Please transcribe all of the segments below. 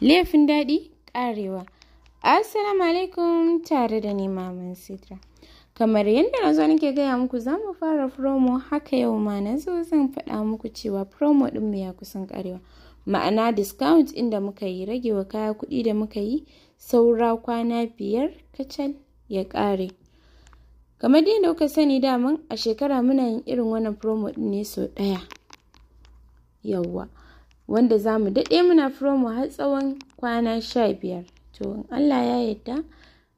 laifin daɗi ƙarewa assalamu alaikum tare da ni maman sitra kamar yadda na zo nake gaya muku za mu fara promo haka yau ma na zo zan faɗa muku cewa promo ɗin mu ya kusan ƙarewa ma'ana discount inda muka yi ragewa kaya kuɗi da muka yi saura kwana biyar kacal ya ƙare kamar da kuka sani daman a shekara muna yin irin wannan promo ɗin ne sau ɗaya yawwa wanda za mu daɗe muna promo har tsawon kwana sha biyar to allah ya yarda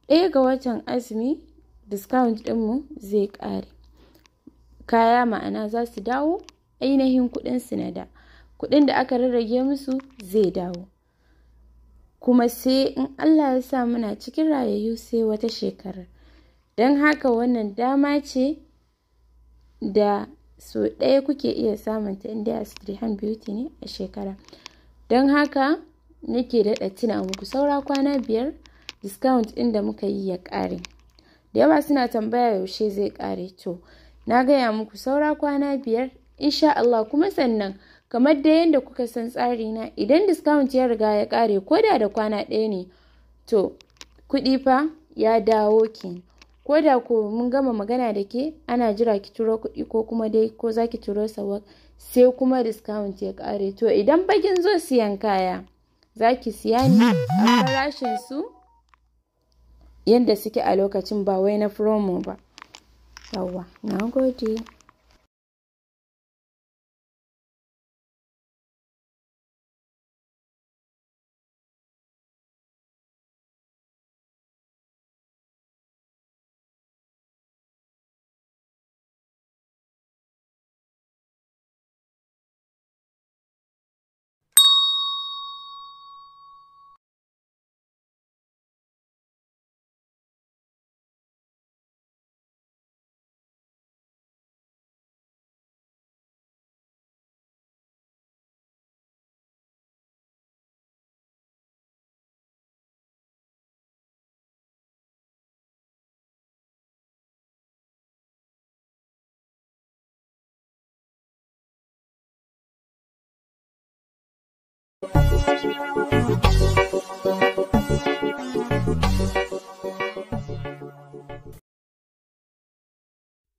ɗaya ga watan azumi discount ɗinmu zai ƙare kaya ma'ana za su dawo ainihin kuɗin su na da kuɗin da aka rarrage musu zai dawo kuma sai in allah ya sa muna cikin rayayyu sai wata shekarar don haka wannan dama ce da so ɗaya kuke iya samun ta inda a Strihan Beauty ne a shekara. Don haka nake daɗa tuna muku saura kwana biyar discount ɗin da muka yi ya ƙare. Da yawa suna tambaya yaushe zai ƙare to na gaya muku saura kwana biyar insha Allah kuma sannan kamar da yadda kuka san tsari na idan discount ya riga ya ƙare ko da da kwana ɗaya ne to kuɗi fa ya dawo ki ko da ko mun gama magana da ke ana jira ki turo kuɗi ko kuma dai ko za ki turo sawa sai kuma discount ya ƙare to idan bakin zo siyan kaya za ki siya ni a farashin su yadda suke a lokacin ba wai na promo ba yawwa na gode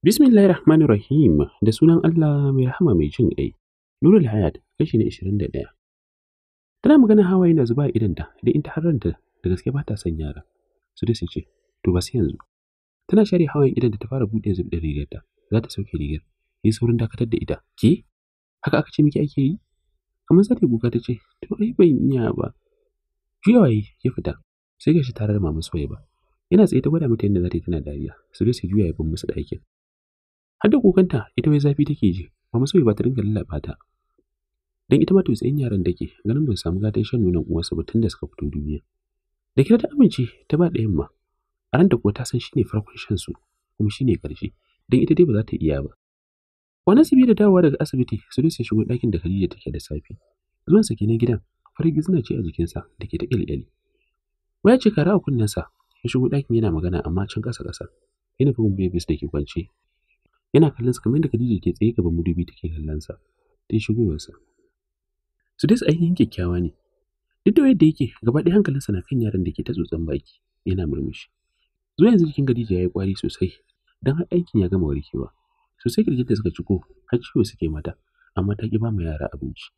Bismillahir Rahmanir Rahim da sunan Allah mai rahama mai jin ƙai. Nurul Hayat kashi na 21. Tana magana hawa yana zuba idanta da in ta harranta da gaske ba ta san yara. Su da su ce, to ba sai yanzu. Tana share idan idanta ta fara buɗe rigar rigarta. Za ta sauke rigar. Yi saurin dakatar da ita. Ke? Haka aka ce miki ake yi? Kamar za ta yi ta ce, To, ai ban iya ba. Juyawa ya fita, sai gashi tare da maman ba Yana tsaye ta gwada mata yadda za ta yi tana dariya, su su juya ya bin musu ɗakin. Har da kukanta, ita wai zafi take ji, maman ba ta dinga lallaɓa ta. Dan ita ma tsayin yaran da ke, ganin ba su samu gatan shan nonon uwarsa ba tun da suka fito duniya. Da kira ta amince, ta ba ɗayan ma. A ran da kuwa ta san shine farkon shan su kuma shi ne ƙarshe, don ita dai ba za ta iya ba. Wani su da dawowa daga asibiti, sun ya shigo ɗakin da Khadija take da safe. Zuwan sa kenan gidan, farki suna ce a jikinsa da ke ta ƙyalƙyali. Waya ce kara a kunnensa, ya shigo ɗakin yana magana amma can kasa-kasa, Yana fi babies da ke kwance. Yana kallon sa kamar da Khadija ke tsaye gaban madubi take kallon sa. Ta Su Sudus ainihin kyakkyawa ne. Duk da yadda yake, gaba ɗaya hankalinsa na kan yaran da ke ta tsotson baki, yana murmushi. Zuwa yanzu jikin Khadija ya yi ƙwari sosai, don har aikin ya gama warkewa. sosai ta suka ciko har ciwo suke mata amma ta ki ba ma yara abinci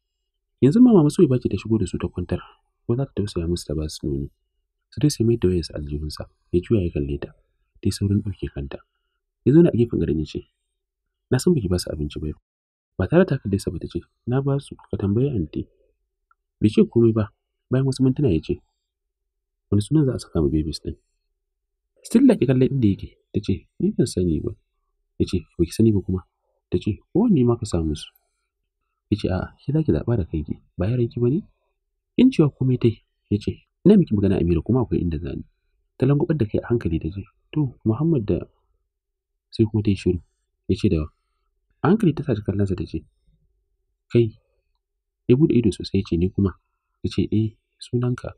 yanzu mama ba ki ta shigo da su ta kwantar ko za ta tausaya musu ta ba su nono su dai sai mai da wayarsa aljihunsa ya juya ya kalle ta ta yi saurin ɗauke kanta ya zauna na a gefen garin ya ce na san baki ba su abinci ba ba tare ta kalle sa ba ta ce na ba su ka tambaye anti bai ce komai ba bayan wasu mintuna ya ce wani sunan za a saka ma babies din still da ki inda yake ta ce ni ban sani ba Ya ce, ba ki sani ba kuma. Ta ce, ko ni ma ka samu su. Ya ce, a'a, shi za ki zaɓa da kanki, ba yaranki ba ne? In cewa komai tai, ya ce, ina miki magana Amira kuma akwai inda za ni. Ta langubar da kai a hankali ta ce, to, Muhammad da sai kuma ta yi shiru. Ya ce da a hankali ta kallon kallonsa ta ce, kai, ya buɗe ido sosai ya ce, ni kuma. Ya ce, eh, sunanka.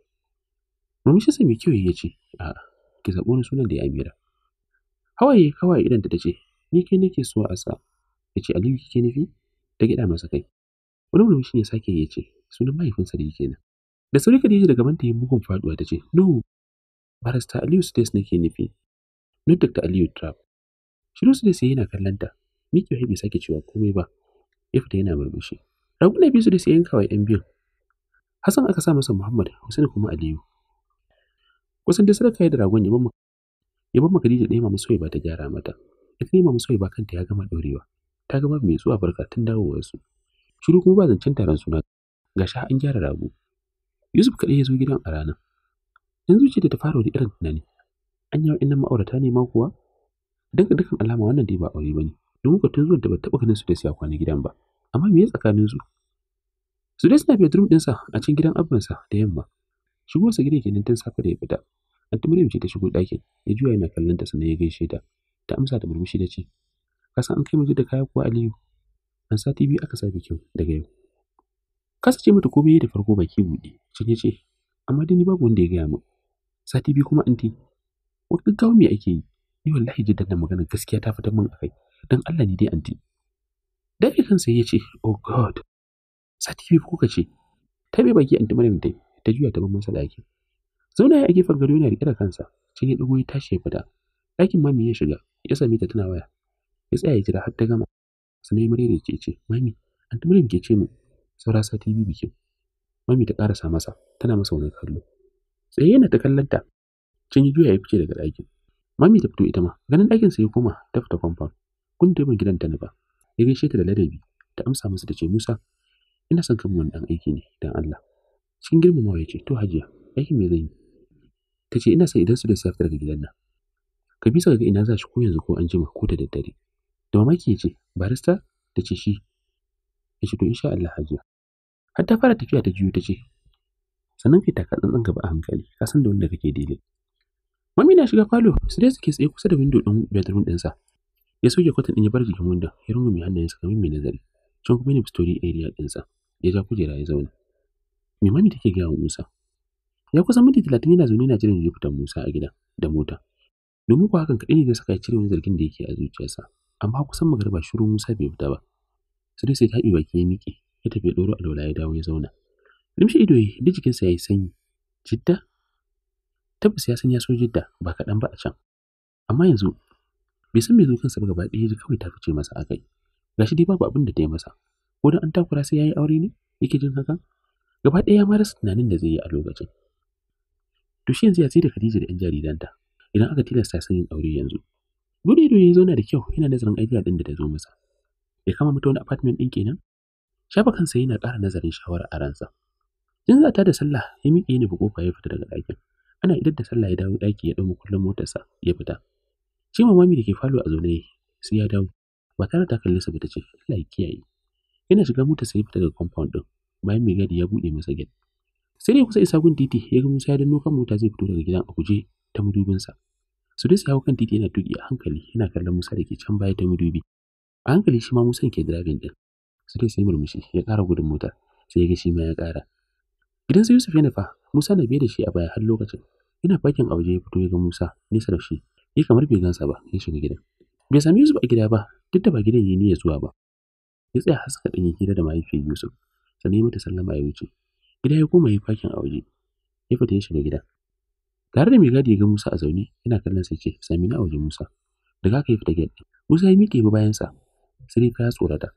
Murmushinsa mai kyau ya ce, a'a, ki zaɓo wani sunan da ya Amira. Hawaye kawai idan ta ce, ni kai nake so a sa ya ce aliyu kike nufi ta gida masa kai wani shi ya sake ya ce sunan mahaifinsa da yake nan da sauri khadija daga manta yin bugun faduwa ta ce no barasta aliyu states nake nufi not dr aliyu trap shiru su da sai yana kallon ta miki haifi sake cewa komai ba ya fita yana murmushi raguna biyu su da sai yanka wa yan biyun hassan aka sa masa muhammad hussein kuma aliyu kusan da sadaka da ragon ya mamma khadija ɗaya ma masoyi ba ta gyara mata ma Musoyi ba kanta ya gama ɗorewa. Ta gama mai zuwa barkatun su Shiru kuma ba zancen taron suna ga sha an gyara rago. Yusuf kaɗai ya zo gidan a ranar. ce da ta fara wani irin tunani. An yi wa'in ma'aurata ne ma kuwa? Daga dukkan alama wannan dai ba aure ba ne. don ka tun zuwa da ba taɓa ganin su da siya kwana gidan ba. Amma me ya tsakanin su? Su dai suna bedroom ɗinsa a cikin gidan abinsa da yamma. Shigo Shigowarsa gidan kenan tun safe da ya fita. Anti Maryam ce ta shigo ɗakin, ya juya yana kallon ta sannan ya gaishe ta. Ta amsa da murmushi da ce, Ka san an kai mu da kaya kuwa Aliyu? An sati biyu aka sa bikin daga yau. Kasa ce mata komai da farko baki buɗe, can ya ce, Amma dai ni babu wanda ya gaya min. Sati biyu kuma anti, wata gaggawa me ake yi? Ni wallahi jiddan da magana gaskiya ta fitar min a kai, don Allah ni dai anti. Dare kansa ya ce, Oh God, sati biyu kuka ce, ta bai baki anti Maryam ta ta juya ta bin masa ake. Zauna ya a gefen gado yana riƙe da kansa, can ya ɗago ya tashi ya fita. ɗakin mami ya shiga ya sami ta tana waya ya tsaya ya jira har ta gama sannan ya murere ke ce mami an ta ke ce mu saura sati biyu bikin mami ta ƙarasa masa tana masa wani kallo tsaye yana ta kallon ta can yi juya ya fice daga ɗakin mami ta fito ita ma ganin ɗakin sa ya koma ta fita kwamfan kun da yawan gidan ta ba ya gaishe ta da ladabi ta amsa masa ta ce musa ina son kan wani ɗan aiki ne dan allah cikin girmamawa ya ce to hajiya aikin me zan yi ta ce ina son idan su da safe daga gidan nan ka bisa ga ina za shi ko yanzu ko an jima ko da daddare. Da mamaki ya ce, barista? Ta ce shi. Ya ce, to insha Allah hajiya. Har ta fara tafiya ta juyo ta ce, sannan ka taka tsantsan gaba a hankali, ka san da wanda kake dele. Mami na shiga falo, su dai suke tsaye kusa da windo din bedroom ɗinsa. Ya soke kwatan in ya bar jikin wanda ya rungume hannayensa kamar mai nazari. Can kuma ne story area ɗinsa, ya ja kujera ya zauna. Me mami take gaya wa Musa? Ya kusan minti talatin yana zaune yana jiran ya fita Musa a gida da mota. domin kuwa hakan kaɗai ne zai saka ya cire wani zargin da yake a zuciyarsa amma kusan magariba shiru Musa bai fita ba sai sai taɓi baki ya miƙe ya tafi ɗoro alwala ya dawo ya zauna limshi ido ya duk jikinsa ya yi sanyi jidda tabbas ya sanya so jidda ba kaɗan ba a can amma yanzu bai san bai zo kansa ba gaba ɗaya ji kawai ta fice masa kai gashi dai babu abin da ta yi masa ko dan an takura sai ya yi aure ne yake jin hakan gaba ɗaya ya rasa tunanin da zai yi a lokacin to shi yanzu ya sai da Khadija da 'yan jaridanta idan aka tilasta sanin aure yanzu. Gudu ido ya zauna da kyau yana nazarin idea ɗin da ta zo masa. Ya kama mata wani apartment ɗin kenan? Shafa kansa yana ƙara nazarin shawara a ransa. Jin zata da sallah ya miƙe ya nufi ƙofa ya fita daga ɗakin. Ana idar da sallah ya dawo ɗaki ya ɗau mukullin motarsa ya fita. Shi mami da ke falo a zaune sai ya dawo. Ba tare ta kalle sa ba ta ce Allah ya kiyaye. Yana shiga motarsa ya fita daga compound ɗin. Bayan mai gadi ya buɗe masa gate. Sai dai kusa isa gun titi ya ga Musa ya danno kan mota zai fito daga gidan a guje ta mudubinsa. Sudais ya hau kan titi yana tuki, a hankali yana kallon Musa da ke can baya ta mudubi. A hankali shi ma Musa ke driving ɗin. Sudais ya murmushi ya kara gudun motar sai ya ga shi ma ya kara. Gidan su Yusuf yana fa. Musa na biye da shi a baya har lokacin. Yana fakin a waje ya fito ya ga Musa nesa da shi. Ya kamar bai gansa ba ya shiga gidan. Bai sami Yusuf a gida ba duk da ba gidan ya niyya zuwa ba. Ya tsaya haska ɗin ya hira da mahaifiyar Yusuf sannan mata sallama ya wuce. Gida ya koma ya fakin a waje. Ya fita ya shiga gidan Tare da mai gadi ga Musa a zaune yana kallon sa ce sami na wajen Musa. Da kaka ya fita gate Musa ya miƙe bayan bayansa sai ta tsorata.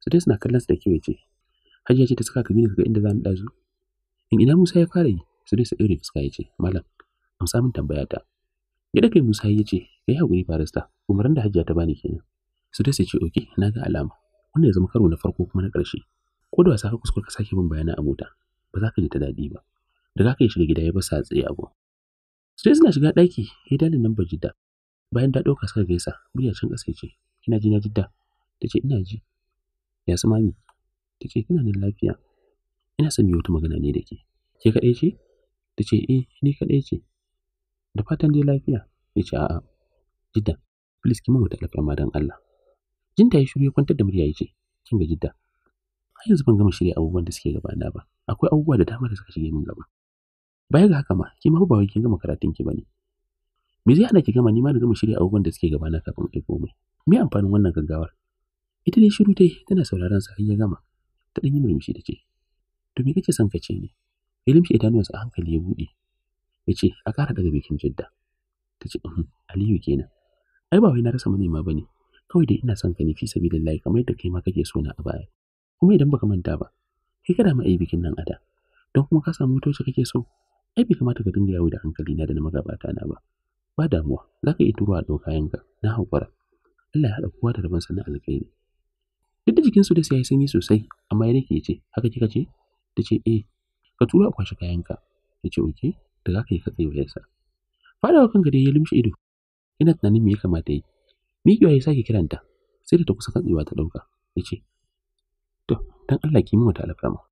Sai suna kallon sa da kyau ya ce Hajiya ce ta saka kabini ka ga inda za mu ɗazu. In ina Musa ya fara yi sai dai sa fuska ya ce malam amsa samu tambaya ta. Ya da Musa ya ce kai hakuri barista umaran da Hajiya ta bani kenan. Sai dai ce oke na ga alama wannan ya zama karo na farko kuma na ƙarshe. Ko da wasa ka kuskura ka sake bin bayanan a mota ba za ka ji ta daɗi ba. Da za ka shiga gida ya basa tsaye abu. Sai suna shiga ɗaki ya dalin lambar Jidda. Bayan ta ɗauka suka gaisa, murya can ƙasa ce, kina ji na Jidda? Ta ce ina ji. Ya su mami? Ta ce kina nan lafiya. Ina son wata magana ne da ke. Ke kaɗai ce? Ta ce eh ni kaɗai ce. Da fatan dai lafiya. Ya ce a'a. Jidda, please ki mamata alfarma don Allah. Jinta ya shiru ya kwantar da murya ya ce, kin ga Jidda, har yanzu ban gama shirya abubuwan da suke gabana ba akwai abubuwa da dama da suka shige min gaba baya ga haka ma ki ma ba kin gama karatun ki bane me zai hana ki gama ni ma da gama shirya abubuwan da suke na kafin ai komai me amfanin wannan gaggawar ita ne shiru tai tana sauraron sa har ya gama ta dan yi murmushi da ce to me kake son ka ce ne ilimshi wasu a hankali ya buɗe ya ce a ƙara daga bikin jidda ta ce uhm, aliyu kenan ai ba wai na rasa manema ba ne kawai dai ina son ka ne fi sabilillahi kamar yadda kai ma kake so na a baya kuma idan baka manta ba kai kada ma yi bikin nan ada don kuma ka samu motoci kake so ai bai kamata ka dinga yawo da hankali na da na magabata na ba ba damuwa za ka iya a ɗau ka na haƙura Allah ya haɗa kowa da rabon sana alkhairi duk da jikinsu da sai ya yi sanyi sosai amma ya ke ce haka kika ce ta ce eh ka tura a kwashe kayanka ya ce oke da za ka yi katse wayarsa fadawa kan gari ya lumshe ido Ina tunanin me ya kamata yi miƙewa ya sake kiranta sai da ta kusa katsewa ta ɗauka ya ce to dan Allah ki min wata alfarma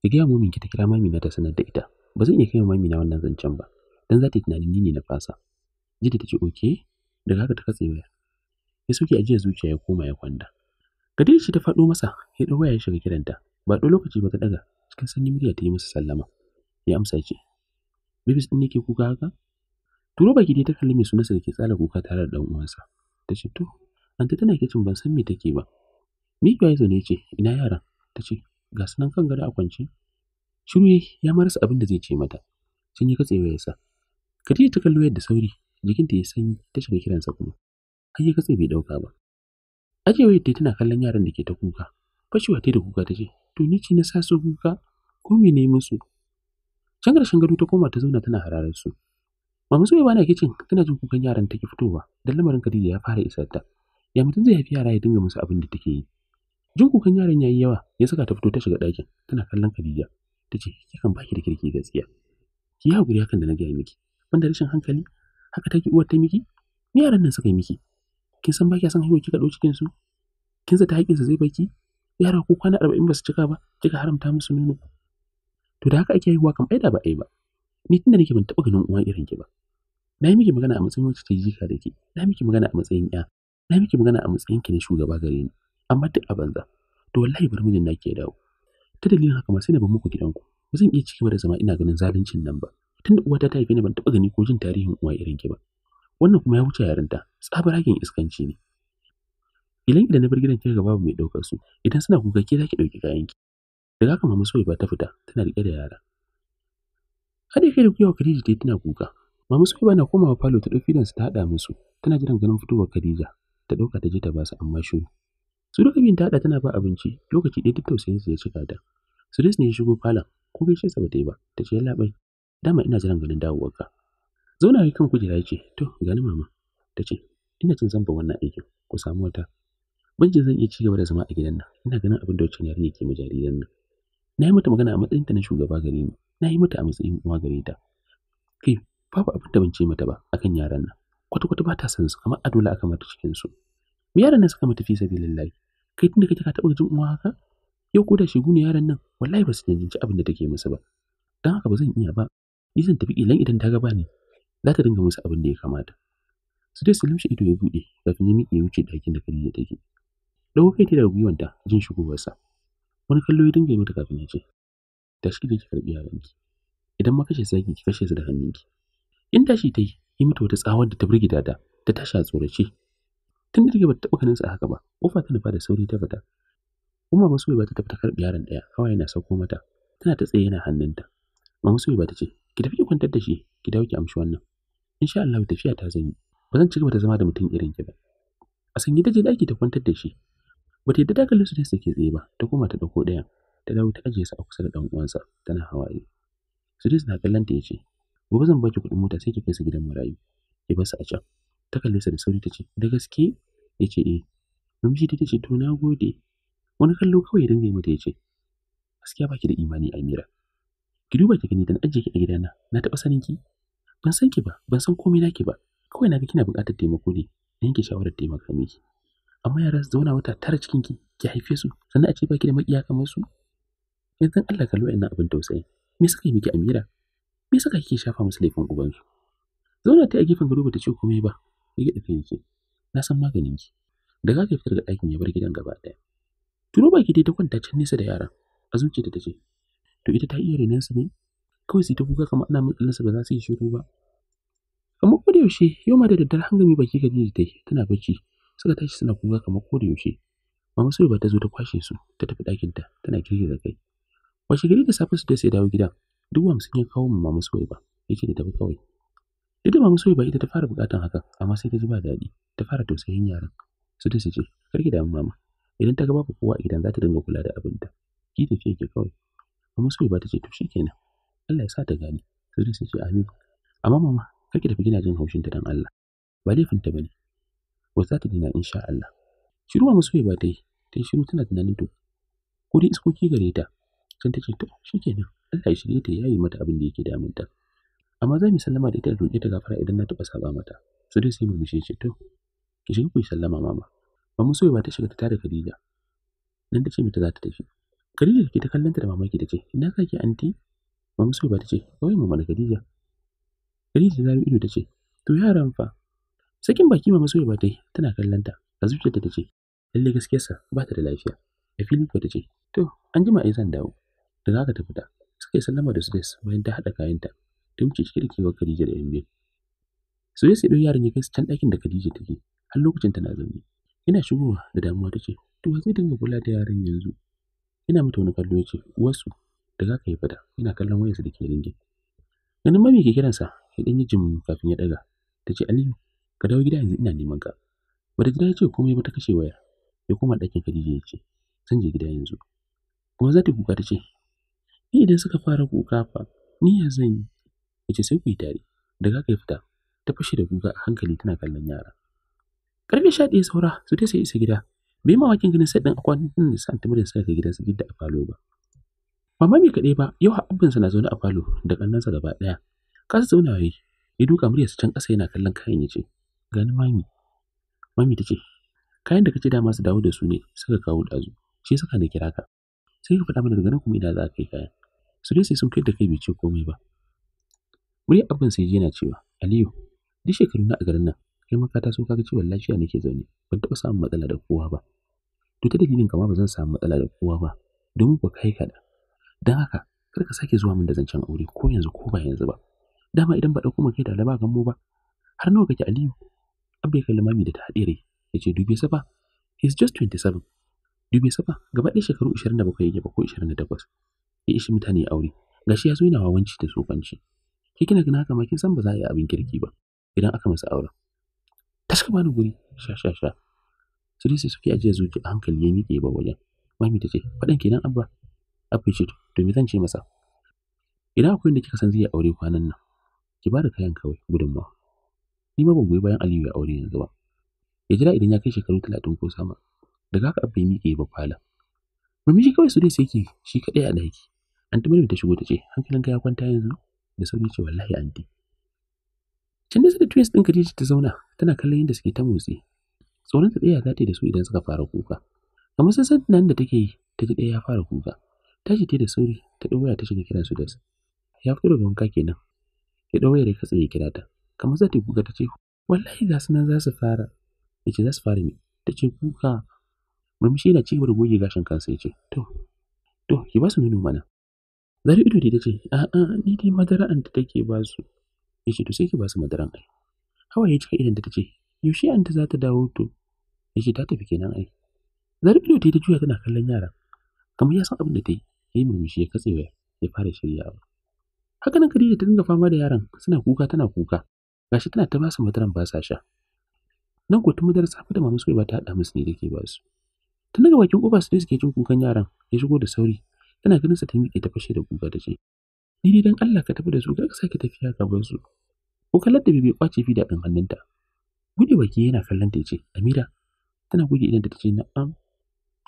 ki gaya min ki ta kira mami na ta sanar da ita ba zan iya kai mami na wannan zancen ba dan zata tunani ni ne na fasa jidda ta ce oke daga haka ta katse waya ya soke ajiyar zuciya ya koma ya kwanda gadin shi ta fado masa ya ɗau waya ya shiga kiranta ba dole lokaci ba ta daga cikin sanni murya ta yi masa sallama ya amsa ce bibis ɗin yake kuka haka turo baki dai ta kalli mai sunansa dake tsara tsala kuka tare da ɗan uwansa ta ce to anta tana kicin ban san me take ba mikiwa ya ne ce ina yaran ta ce ga sunan kan gado a kwance Shiru ya marasa abin da zai ce mata. Sun yi ya sa. Khadija ta kallo yadda sauri, jikinta ya sanyi ta shiga kiransa kuma. Har ya katse bai ɗauka ba. ake wayar tana kallon yaran da ke ta kuka. Fashewa ta da kuka ta ce, To ni ce na sa su kuka, ko me ne musu? Can ƙarshen gado ta koma ta zauna tana hararar su. Mama Suwaiba bana kicin tana jin kukan yaran take fitowa, dan lamarin Khadija ya fara isar ta. Ya mutum zai haifi yara ya dinga musu abin da take yi. Jin kukan yaran yayi yawa, ya saka ta fito ta shiga ɗakin, tana kallon Khadija. ta ce kikan baki da kirki gaskiya ki yi haƙuri hakan da na gaya miki banda rashin hankali haka take uwar ta miki me yaran nan suka yi miki kin san baki san haihuwa kika ɗau cikin su kin zata haƙin su zai baki yara ko kwana arba'in ba su cika ba kika haramta musu nono to da haka ake haihuwa kam ai da ba ai ba ni tunda nake ban taɓa ganin uwa irin ki ba na yi miki magana a matsayin wacce ta jika da ke na yi miki magana a matsayin ya na yi miki magana a matsayin ki na shugaba gare ni amma duk a banza to wallahi bar mijin na ke dawo ta dalilin haka ma sai na bar muku gidanku ba zan iya cikewa da zama ina ganin zaluncin nan ba da uwata ta haife ni ban taɓa gani ko jin tarihin uwa irin ki ba wannan kuma ya wuce yarinta tsabaragen iskanci ne idan idan na bar gidan kika babu mai ɗaukar su idan suna kuka ke zaki ɗauki kayan ki daga haka mama soyi ta fita tana riƙe da yara haɗe kai da ku yawa Khadija ta yi tana kuka mama soyi ba na komawa falo ta ɗauki su ta haɗa musu tana jiran ganin fitowar Khadija ta ɗauka ta je ta ba su amma shiru Su duka ta hada tana ba abinci, lokaci ɗaya duk su ya cika ta. Sulis ne ya shigo falon, ko gaishe sa ba ta yi ba, ta ce yallaɓai, dama ina jiran ganin dawowarka. Zauna yi kan kujera ya ce, to, gani mama, ta ce, ina cin zamba wannan aikin, ku samu wata. Banjin zan iya ci gaba da zama a gidan nan, ina ganin abin da wacce yarinya ke ma jariran nan. Na yi mata magana a matsayinta na shugaba gare ni, na yi mata a matsayin uwa gare ta. Kai, babu abin da ban ce mata ba akan yaran nan kwata kwata ba ta san su kamar adola aka mata cikin su yaran nan suka mata fi sabilillahi kai tunda kake ka taba jin uwa haka yau ko da shegu ne yaran nan wallahi ba su cancanci abin da take musu ba dan haka ba zan iya ba ni zan tafi ilan idan ta ga bani za ta dinga musu abin da ya kamata su dai su lushe ido ya buɗe kafin ya miƙe wuce ɗakin da Khadija take dawo kai ta daga ta jin shigowarsa wani kallo ya dinga mata kafin ya ce tashi da ki karɓi yaranki idan ma kashe saki ki kashe su da hannunki in tashi ta yi yi mata wata tsawar da ta burgida da ta tashi a tsorace tun da take bata taɓa ganin sa haka ba kofa ta nufa da sauri ta fita kuma ba ba ta tafi ta karɓi yaron ɗaya hawa yana sauko mata tana ta tsaye yana hannunta mama su ba ta ce ki tafi ki kwantar da shi ki dawo ki amshi wannan sha Allah tafiya ta zan yi ba zan ci gaba da zama da mutum irin ki ba a sanye ta je ɗaki ta kwantar da shi ba bata yadda dakalin su da suke tsaye ba ta koma ta ɗauko ɗayan ta dawo ta ajiye su a kusa da ɗan uwansa tana hawaye Sudais na kallon ta ya ce gobe zan baki kuɗin mota sai ki kai su gidan marayu ki bar su a can Ta kalle sa da sauri ta ce, Da gaske? Ya ce, Eh. Namiji ta ce, To, na gode. Wani kallo kawai dan dinga yi mata ya ce, Gaskiya baki da imani Amira. Ki duba ki gani dan ajiye ki a gida Na na taɓa sanin ki? Ban san ki ba, ban san komai na ki ba. Kawai na ga kina buƙatar taimako ne. Na yanke shawarar taimaka miki. Amma yara su zauna wata tara cikin ki, ki haife su, sannan a ce baki da maƙiya kamar su. Yanzu Allah kallo ina abin tausayi. Me suka yi miki Amira? Me suka kike shafa musu laifin ubansu? Zauna ta a gefen gado bata ce komai ba, gida kai yake na san maganin ki da ka fitar da ɗakin ya bar gidan gaba ɗaya turo baki dai ta kwanta can nesa da yara. a zuciyarta ta ce to ita ta iya renon su ne kawai sai ta kuka kamar ana matsalinsa ba za su yi shiru ba kamar ko da yaushe yau ma da daddare hangami baki ga ta ta tana bacci suka tashi suna kuka kamar ko da yaushe mama sai ba ta zo ta kwashe su ta tafi ɗakinta tana girgiza kai washe gari da safe su da sai dawo gidan duk musun ya kawo mama soyi ba yake da tafi kawai Ita Mama ba ita ta fara bukatan haka amma sai ta ji ba daɗi, ta fara tausayin yaran. Su ta ce, "Kar ki damu Mama, idan ta ga babu kowa idan za ta dinga kula da abin da Ki tafi ki kawai." Mama ba ta ce, "To shikenan Allah ya sa ta gani Su ta ce, "Amin." Amma Mama, kar ki tafi kina jin haushin ta dan Allah. Ba laifinta ba ne. ko za ta dina insha Allah. Shiru Mama ba ta yi, ta yi shiru tana tunanin to. Ko dai iskoki gare ta, can ta ce, "To shikenan, Allah ya shirye ta yayi mata abin da yake damunta." amma za mu sallama da ita da roƙe ta gafara idan na taɓa saba mata su dai sai murmushi ce to ki shiga ku yi sallama mama ba mu ba ta shiga ta tare Khadija nan ta ce ta za ta tafi Khadija ke ta kallanta da mamaki ta ce ina ka ki anti ba mu ba ta ce kawai mama da Khadija Khadija ta ido ta ce to yaran fa sakin baki mama so ba ta yi tana kallanta a zuciyarta ta ce lalle gaskiyarsa ba ta da lafiya a fili ko ta ce to an jima zan dawo da za ka ta fita suka yi sallama da su bayan ta haɗa kayanta don cike da kewar Khadija da Yambe. Soyayya sai ɗau yaron ya kai can ɗakin da Khadija take har lokacin tana zaune. Ina shigowa da damuwa ta ce, To wa zai dinga kula da yaran yanzu? Ina mata wani kallo yace, ce, da za ka yi fada, ina kallon wayarsa da ke ringe. Ganin mami ke kiransa, ya ɗan yi jim kafin ya ɗaga. Ta ce, Aliyu, ka dawo gida yanzu ina neman ka. Bata gida ya ce komai ba ta kashe waya. Ya koma ɗakin Khadija ya ce, Zan je gida yanzu. Kuma za ta kuka ta ce, Ni idan suka fara kuka fa, ni ya zan yi. ce sai ku yi tare ka yi fita ta fashe da guga a hankali tana kallon yara karfe sha ɗaya saura su ta sai isa gida bai wakin ganin sai ɗin akwatin da sa'an tamirin sai ka gida su a falo ba mama mai kaɗai ba yau sa na zaune a falo da ƙannansa gaba ɗaya kasa zauna yi ya duka su can ƙasa yana kallon kayan ya ce gani mami mami ta ce kayan da kace dama su dawo da su ne suka kawo ɗazu shi saka na kira ka sai ka faɗa mana da ganin kuma ina za a kai kayan su dai sai sun kai da kai bai ce komai ba Muryar abin sai yana cewa, Aliyu, duk shekaru na a garin nan, kai ma ka taso ka ga ciwon lafiya nake zaune, ban taɓa samun matsala da kowa ba. To ta dalilin kama ba zan samu matsala da kowa ba, domin ba kai kaɗa. Don haka, kar ka sake zuwa min da zancen aure ko yanzu ko ba yanzu ba. Dama idan ba ɗauko mu kai da alaba gan ba, har nawa kake Aliyu? Abba ya kalli mami da ta haɗe rai, ya ce dubi safa, he's just 27. Dubi ba, gaba ɗaya shekaru 27 yake ba ko 28. Ya ishi mutane aure, gashi ya zo yana wawanci da tsofanci. ke kina haka ma kin san ba za a yi abin kirki ba idan aka masa aure tashi bani guri sha sha sha Sirisi suke ajiye zuci a hankali ya miƙe ba wajen mami ta ce faɗan kenan abba abba ce to me zan ce masa idan akwai wanda kika san zai aure kwanan nan ki ba da kayan kawai gudunmawa ni ma ban goyi bayan Aliyu ya aure yanzu ba ya jira idan ya kai shekaru talatin ko sama daga haka abba ya miƙe ba fala shi kawai su dai sai shi kaɗai a ɗaki an ta ta shigo ta ce hankalin ya kwanta yanzu da sauri ce wallahi anti can nesa da twins din Khadija ta zauna tana kallon yadda suke ta motsi tsoron ta tsaya za ta yi da su idan suka fara kuka amma sai san nan da take yi ta ji ɗaya ya fara kuka ta ta da sauri ta ɗau ta shiga kiransu da su ya fito daga wanka kenan ya dawo ya rika ya kira ta kamar zata kuka ta ce wallahi ga sunan za su fara ya za su fara ne ta ce kuka murmushi yana cigaba da goge gashin kansa ya ce to to ki ba su nuna mana zari ido ta ce a'a ni dai madara'an ta take ba su ya to sai ki ba su madaran ai hawa ya cika idan ta ce yaushe an ta za ta dawo to ya ta tafi kenan ai zari ido ta juya tana kallon yaran kamar ya san abin da ta yi ya yi murmushi ya katse waya ya fara shiryawa haka nan Khadija ta dinga fama da yaran suna kuka tana kuka gashi tana ta basu madaran ba sa sha nan ko ta madara safe da mamu suka ba ta hada musu ne take ba su tun daga bakin kofa su suke jin kukan yaran ya shigo da sauri tana ganin sa ta miƙe ta fashe da guga da ce ni dai dan Allah ka tafi da su ga ka sake tafiya gaban su ko kallar da ya kwace fi da dan hannunta gudi baki yana kallon ta ce Amira tana goge idan ta ce na'am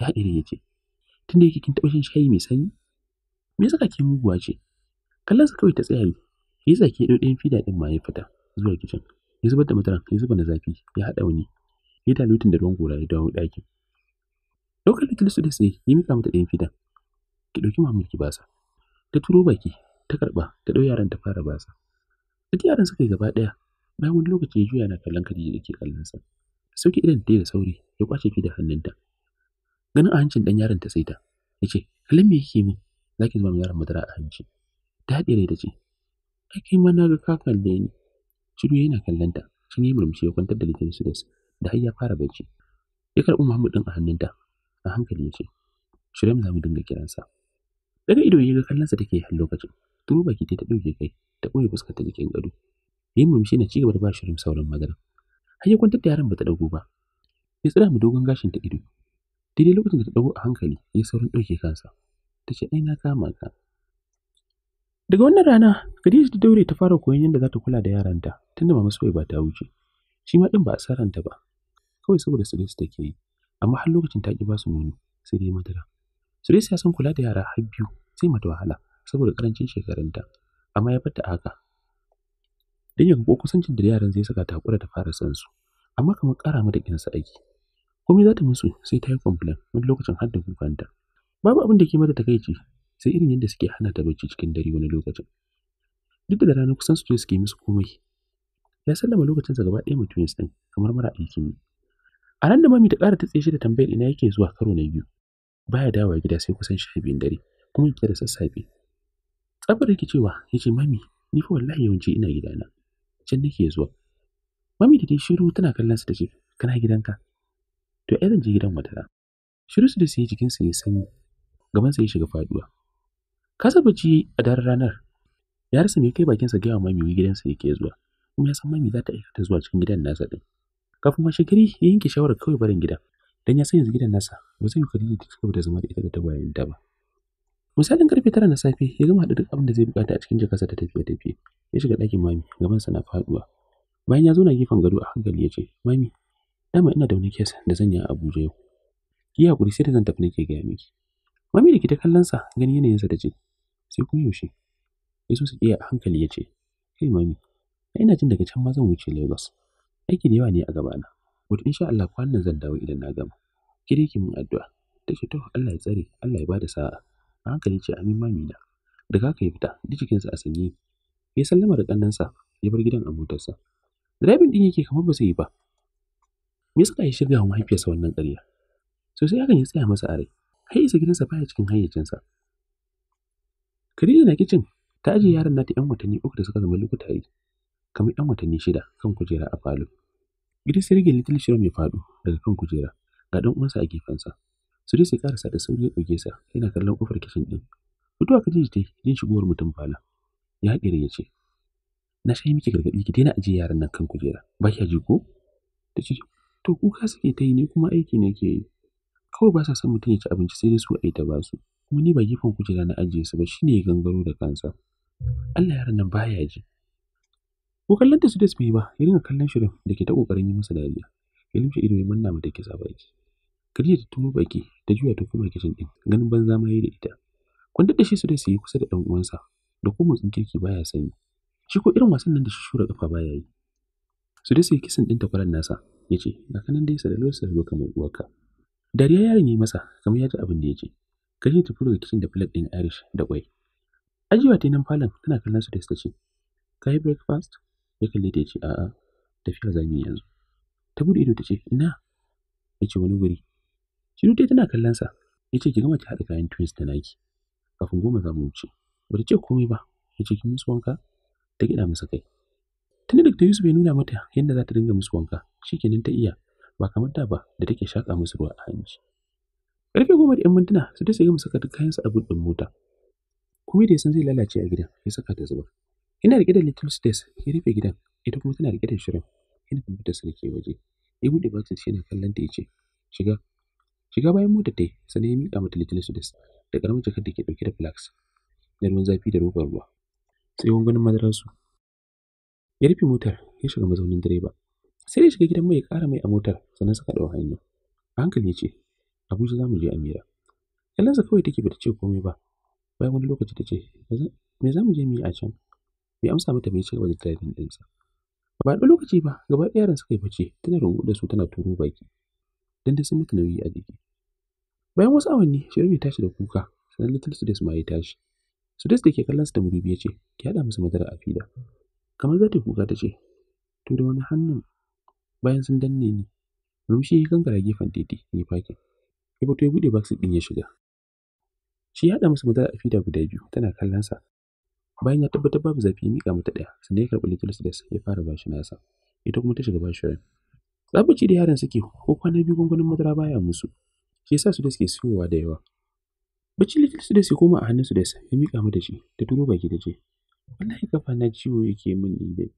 ya haɗe ya ce tunda yake kin taɓa shan shayi mai sanyi me yasa kake muguwa ce kallon sa kawai ta tsaya yi ya zaki ya fi fida din ma ya fita zuwa kicin ya zubar da madara ya zuba na zafi ya haɗa wani ya lutin da ruwan gora ya dawo ɗakin ɗaukar little da ne ya mika mata ɗayan fidan ki ɗauki Muhammad ki basa. Ta turo baki, ta karba, ta ɗau yaran ta fara basa. Duk yaran suka yi gaba ɗaya, bayan wani lokaci ya juya na kallon Khadija da ke kallon sa. Sauki idan ta da sauri, ya kwace ki da hannunta. Ganin a hancin ɗan yaron ta saita, ya ce, Kallon me yake min? Za ki zuba min yaran madara a hanci. Ta haɗe rai ta ce, Ai kai ma na ga ka kalle ni. Shiru yana kallon ta, shi ne murmushi ya kwantar da likin su da har ya fara bacci. Ya karɓi Muhammad ɗin a hannunta, a hankali ya ce, Shirem za mu dinga kiransa. daga ido ya ga kallonsa take har lokacin turu baki ta dauke kai ta ɓoye fuskar ta jikin gado yayin murmushi na cigaba da ba shirin sauran madara har ya kwantar da yaran bata dago ba ya tsira mu dogon gashin ta ido daidai lokacin da ta dago a hankali ya saurin dauke kansa ta ce ai na kama ka daga wannan rana Khadija ta daure ta fara koyon yadda za ta kula da yaranta tunda mama soyayya ba ta wuce shi ma din ba a saranta ba kawai saboda su take yi amma har lokacin ta ki ba su nono sai dai madara Sulis ya san kula da yara har biyu sai mata wahala saboda ƙarancin shekarunta, amma ya fata haka. Don ya ko kusancin da yaran zai saka ta ta fara san su, amma kamar ƙara mata sa aiki. Komai za ta musu sai ta yi kwamfilan wani lokacin har da kukanta. Babu abin da ke mata takaici sai irin yadda suke hana ta bacci cikin dare wani lokacin. Duk da rana kusan su suke musu komai. Ya sallama lokacinsa gaba ɗaya mutum ɗin kamar mara aikin yi. A nan da mami ta ƙara ta tsaye shi da tambayar ina yake zuwa karo na biyu. baya dawowa gida sai kusan sha biyun dare kuma yake da sassafe tsabar cewa ya ce mami ni fa wallahi yawanci ina gidana can nake zuwa mami da ta shiru tana kallon su ta ce kana gidanka to ai zan je gidan wata shiru su da sai jikinsa ya sanyi gaban sa ya shiga faduwa kasa bacci a dar ranar ya rasa ne kai bakinsa gaya mami wai gidansa yake zuwa kuma ya san mami za ta aikata zuwa cikin gidan nasa din kafin mashigari ya yanke shawarar kawai barin gidan Dan ya sanya yanzu gidan nasa ba zai yi Khadija ta da zama da ita da ta ba. Misalin karfe tara na safe ya gama haɗu duk abin da zai bukata a cikin jakarsa ta tafiya tafiye. Ya shiga ɗakin mami gaban sa na faɗuwa. Bayan ya zo na gefen gado a hankali ya ce, "Mami, dama ina da wani kes da zan yi a Abuja yau. Ki hakuri sai da zan tafi nake gaya miki." Mami da ke ta kallon sa ganin yanayinsa da ce, "Sai kuma yaushe?" Ya so su iya a hankali ya ce, "Kai mami, ina jin daga can ma zan wuce Lagos. Aiki da yawa ne a gabana." But insha Allah kwanan zan dawo idan na gama. Ki dai ki mun addu'a. Ta to Allah ya tsare, Allah ya bada sa'a. A hankali ce amin mami na. Da kai ya fita, duk sa a sanye. Ya sallama da ƙannensa, ya bar gidan a motarsa. driving ɗin yake kamar ba sai ba. Me suka yi shirya wa mahaifiyarsa wannan ƙarya? Sosai hakan ya tsaya masa a rai. Har isa gidansa baya cikin hayyacinsa. karina na kicin ta ajiye yaron nata 'yan watanni uku da suka zama lokuta yi, kamar 'yan watanni shida kan kujera a falo. Idris ya rage Little Shirin mai faɗo daga kan kujera ga ɗan uwansa a gefensa. Sudais sai karasa da sauri ya ɗauke sa yana kallon ƙofar kishin ɗin. Mutuwa ka ji ta jin shigowar mutum fala. Ya haƙere ya ce, Na shayi miki gargaɗi ki daina ajiye yaran nan kan kujera, ba ki ji ko? Ta ce, To kuka suke ta yi ne kuma aiki ne ke yi. Kawai ba sa son mutum ya ci abinci sai dai su a yi ba su. Kuma ni ba gefen kujera na ajiye su ba shine ya gangaro da kansa. Allah yaran nan baya ji. Ko kallon ta Sudais bai yi ba, ya dinga kallon Shirin da ke ta ƙoƙarin yi masa dariya. Ya lumshe ido ya manna mata kisa baki. kariya ta tuno baki ta juya ta koma kicin ɗin, ganin banza ma yayi da ita. Kun daɗa shi Sudais ya yi kusa da ɗan uwansa, da ko motsin kirki baya sanyi. Shi ko irin wasan nan da shi shura ƙafa baya yi. Sudais ya kisan ɗin takwaran nasa, ya ce, "Ga kanan dai sadalo sadalo kamar uwarka." Dariya yaron ya yi masa kamar ya ji abin da ya ce. kariya ta furo da kicin da filat ɗin Irish da kwai. Ajiyewa ta nan falon tana kallon Sudais ta ce, "Ka yi breakfast?" ya kalle ta ce a'a tafiya za mu yi yanzu ta bude ido ta ce ina ya ce wani wuri shiru dai tana kallon sa ya ce ki gama ki haɗa kayan twins da naki kafin goma za mu wuce ba ta ce komai ba ya ce kin musu wanka ta gida masa kai da Dr. Yusuf ya nuna mata yadda za ta dinga musu wanka shikenan ta iya ba kamar da ba da take shaka musu ruwa a hanci karfe goma da yan mintuna su ta sai gama kayan su a buɗin mota komai da ya san zai lalace a gidan ya saka ta zubar Ina riƙe da Little Stace ya rufe gidan, ita kuma tana riƙe da shirin. Ina kwamfutarsa da ke waje. Ya buɗe bakin shi yana kallon ta ya ce, Shiga. Shiga bayan mota ta yi, sannan ya miƙa mata Little Stace da ƙaramin jakar da ke ɗauke da flags. da ruwan zafi da robar ruwa. Sai gwangwanin madararsu. Ya rufe motar, ya shiga mazaunin direba. Sai ya shiga gidan mai ya ƙara mai a motar, sannan suka ɗau hanya. A hankali ya ce, Abuja za mu je Amira. Kallonsa kawai take bata ce komai ba. Bayan wani lokaci ta ce, Me za mu je mu yi a can? bai amsa mata bai ci gaba da driving dinsa Ba da lokaci ba, gaba ɗaya yaran suka yi fice tana rubu da su tana turo baki. Dan da sun mutu nauyi a jiki. Bayan wasu awanni, Shirin ya tashi da kuka, sannan Little Sudes ma ya tashi. Sudes da ke kallon su da mudubi ya ce, ki haɗa musu madara a fida. Kamar za ta kuka ta ce, to da wani hannun bayan sun danne ni. Rumshi ya gangara gefen titi ya fakin. Ya fito ya buɗe baksit ɗin ya shiga. Shi ya haɗa musu madara a fida guda biyu tana kallon sa Bayan ya tabbatar babu zafi ya miƙa mata ɗaya, sannan ya karɓi Little Stars ya fara ba shi nasa, ita kuma ta shiga ba shi Tsabaci da yaran suke ko kwana biyu gwangwanin madara baya musu, Ke sa su da suke siyowa da yawa. Bacci Little da ya koma a hannun su da ya miƙa mata shi, ta turo baki ta ce, Wallahi kafa na ciwo yake min ni dai.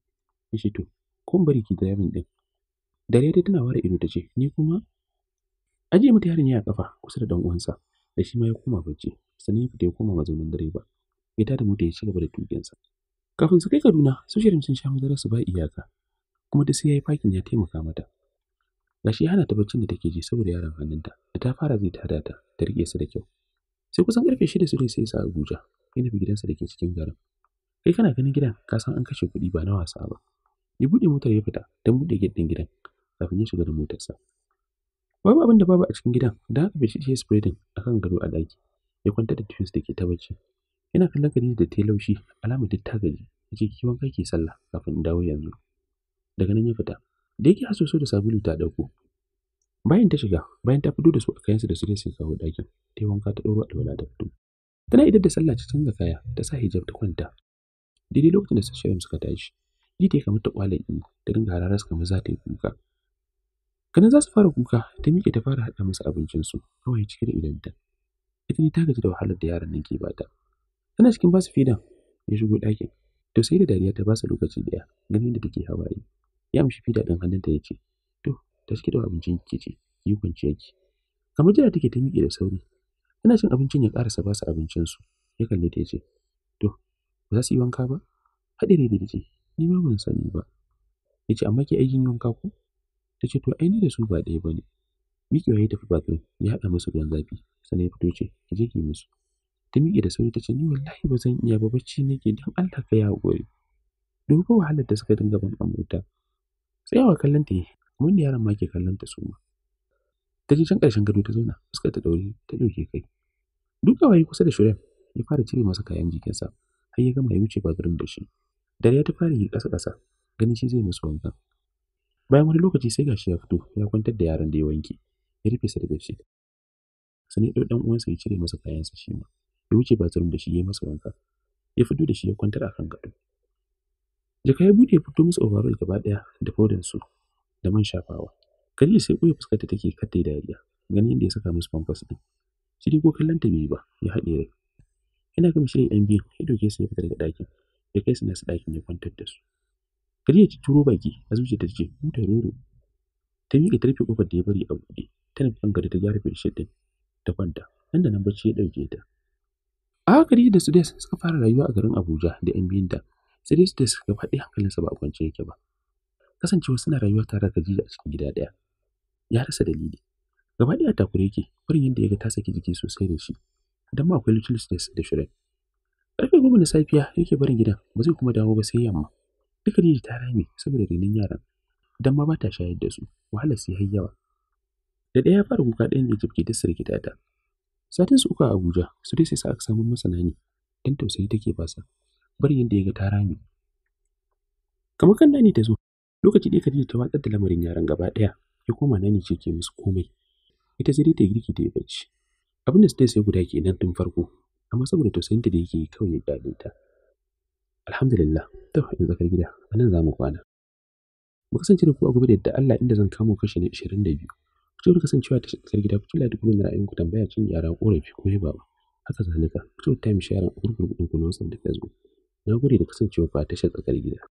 Ya ce to, kun bari ki driving ɗin. Dare dai tana ware ido ta ce, ni kuma? Ajiye mata yaron ya kafa kusa da ɗan uwansa, da shi ma ya koma bacci, sannan ya fita ya koma mazaunin direba. ya tada mota ya cigaba da tuƙinsa. Kafin su kai Kaduna, su shirin sun sha madara su ba iyaka, kuma da sai ya yi fakin ya taimaka mata. Ga shi hana ta baccin da take ji saboda yaron hannunta, da ta fara zai tada ta, ta riƙe su da kyau. Sai kusan ƙarfe shida su ne sai sa Abuja, ya bi gidansa da ke cikin garin. Kai kana ganin gidan, ka san an kashe kuɗi ba na wasa ba. Ya buɗe motar ya fita don buɗe gidan gidan, kafin ya shiga da motarsa. Babu abin da babu a cikin gidan, da haka bai ci spreading a kan gado a daki ya kwanta da tufis da ke ta bacci. Ina kallon Khadija da ta laushi alamar duk ta gani ya ki wanka ki sallah kafin in dawo yanzu. Daga nan ya fita. Da yake haso da sabulu ta dauko. Bayan ta shiga, bayan ta fito da su a kayansu da su sun kawo ɗakin, ta yi wanka ta ɗauro alwala ta fito. Tana idar da sallah ta canza kaya, ta sa hijab ta kwanta. Daidai lokacin da su shirin suka tashi, ji ta kamar ta ƙwala ihu, ta dinga hararar kamar za ta yi kuka. Ganin za su fara kuka, ta miƙe ta fara haɗa musu abincinsu, kawai cike da idanta. Ita ne ta gaji da wahalar da yaran nan ke bata. Tana cikin basu su fidan ya shigo ɗakin. To sai da dariya ta ba su lokaci ɗaya ganin da take hawaye. Ya amshi fida ɗin hannunta ya ce, To, ta ciki da abincin ki ce, yi kwanciya ki. Kamar jira take ta miƙe da sauri. Tana cin abincin ya ƙarasa ba su abincinsu. Ya kalle ta ya ce, To, ba za su yi wanka ba? Haɗe da ta ce, Ni ma ban sani ba. Ya ce, Amma ke aikin wanka ko? Ta ce, To, ai da su ba ɗaya ba ne. Miƙewa ya tafi bakin ya haɗa musu ruwan zafi, sannan ya fito ce, Ki je ki musu. ta miƙe da sauri ta ce ni wallahi ba zan iya ba bacci nake don Allah ka yi hakuri dubi wahalar da suka dinga ban amurta tsayawa kallon ta mun da yaran ma ke kallon ta su ma ta ji can ƙarshen gado ta zauna suka ta dauri ta ɗauke kai duka waye kusa da shirin ya fara cire masa kayan jikinsa har ya gama ya wuce ba garin da shi dare ta fara yi ƙasa-ƙasa ganin shi zai musu wanka. bayan wani lokaci sai gashi ya fito ya kwantar da yaran da ya wanke ya rufe sa da bedsheet sai ɗau ɗan uwansa ya cire masa kayansa shi ma ya wuce bazarin da shi ya masa wanka ya fito da shi ya kwantar a kan gado jaka ya bude fito musu overall gaba daya da powder su da man shafawa kalli sai ɓoye fuskarta take kaddai dariya ganin yadda ya saka musu pampers din shi dai ko kallon ta bai ba ya haɗe rai ina ga mishi yan biyu ya doke su ya fita daga ɗakin ya kai su nasu ɗakin ya kwantar da su Kariya ya turo baki a zuciya ta ce da roro. Ta miƙe tarfe kofar da ya bari a buɗe, tana kan gado ta gyara feshe din ta kwanta, nan da nan bacci ya ɗauke ta. A haka da Sudais suka fara rayuwa a garin Abuja da ‘yan biyunta, sai dai Sudais gaba ɗaya hankalinsa ba a kwance yake ba. Kasancewa suna rayuwa tare da Khadija a cikin gida ɗaya, ya rasa dalili. Gaba ɗaya a takure yake, kurin yadda ya ga ta saki jiki sosai da shi, don ma akwai Little Sudais da Shirin. Ƙarfe goma na safiya yake barin gidan, ba zai kuma dawo ba sai yamma. Duk Khadija ta rame saboda renon yaran, don ma ba ta shayar da su, wahalar sai har yawa. Da ɗaya ya fara kuka ɗayan ya jibge ta sirkita ta. Satin su uku a Abuja, su dai sai sa aka samu masana ne, don tausayi take basa, bari yadda ya ga ta rami Kamar kan nani ta zo, lokaci ɗaya Khadija ta watsar da lamarin yaran gaba ɗaya, ya koma nani ce ke musu komai. Ita sai dai ta girki ta yi bacci. Abin da su dai sai guda ke nan tun farko, amma saboda tausayinta da yake yi kawai ya dade ta. Alhamdulillah, ta faɗin tsakar gida, a nan za mu kwana. Mu kasance da ku a gobe da yadda Allah inda zan kamo kashi na biyu. Ku da cewa da tsakar gida ku kula da bugun ra'ayinku tambaya cin yara ƙorafi ko yaba ba. Haka zalika, ku time sharing a gurgurun ku na da Facebook. Na gode da kasancewa ba a tashar tsakar gida.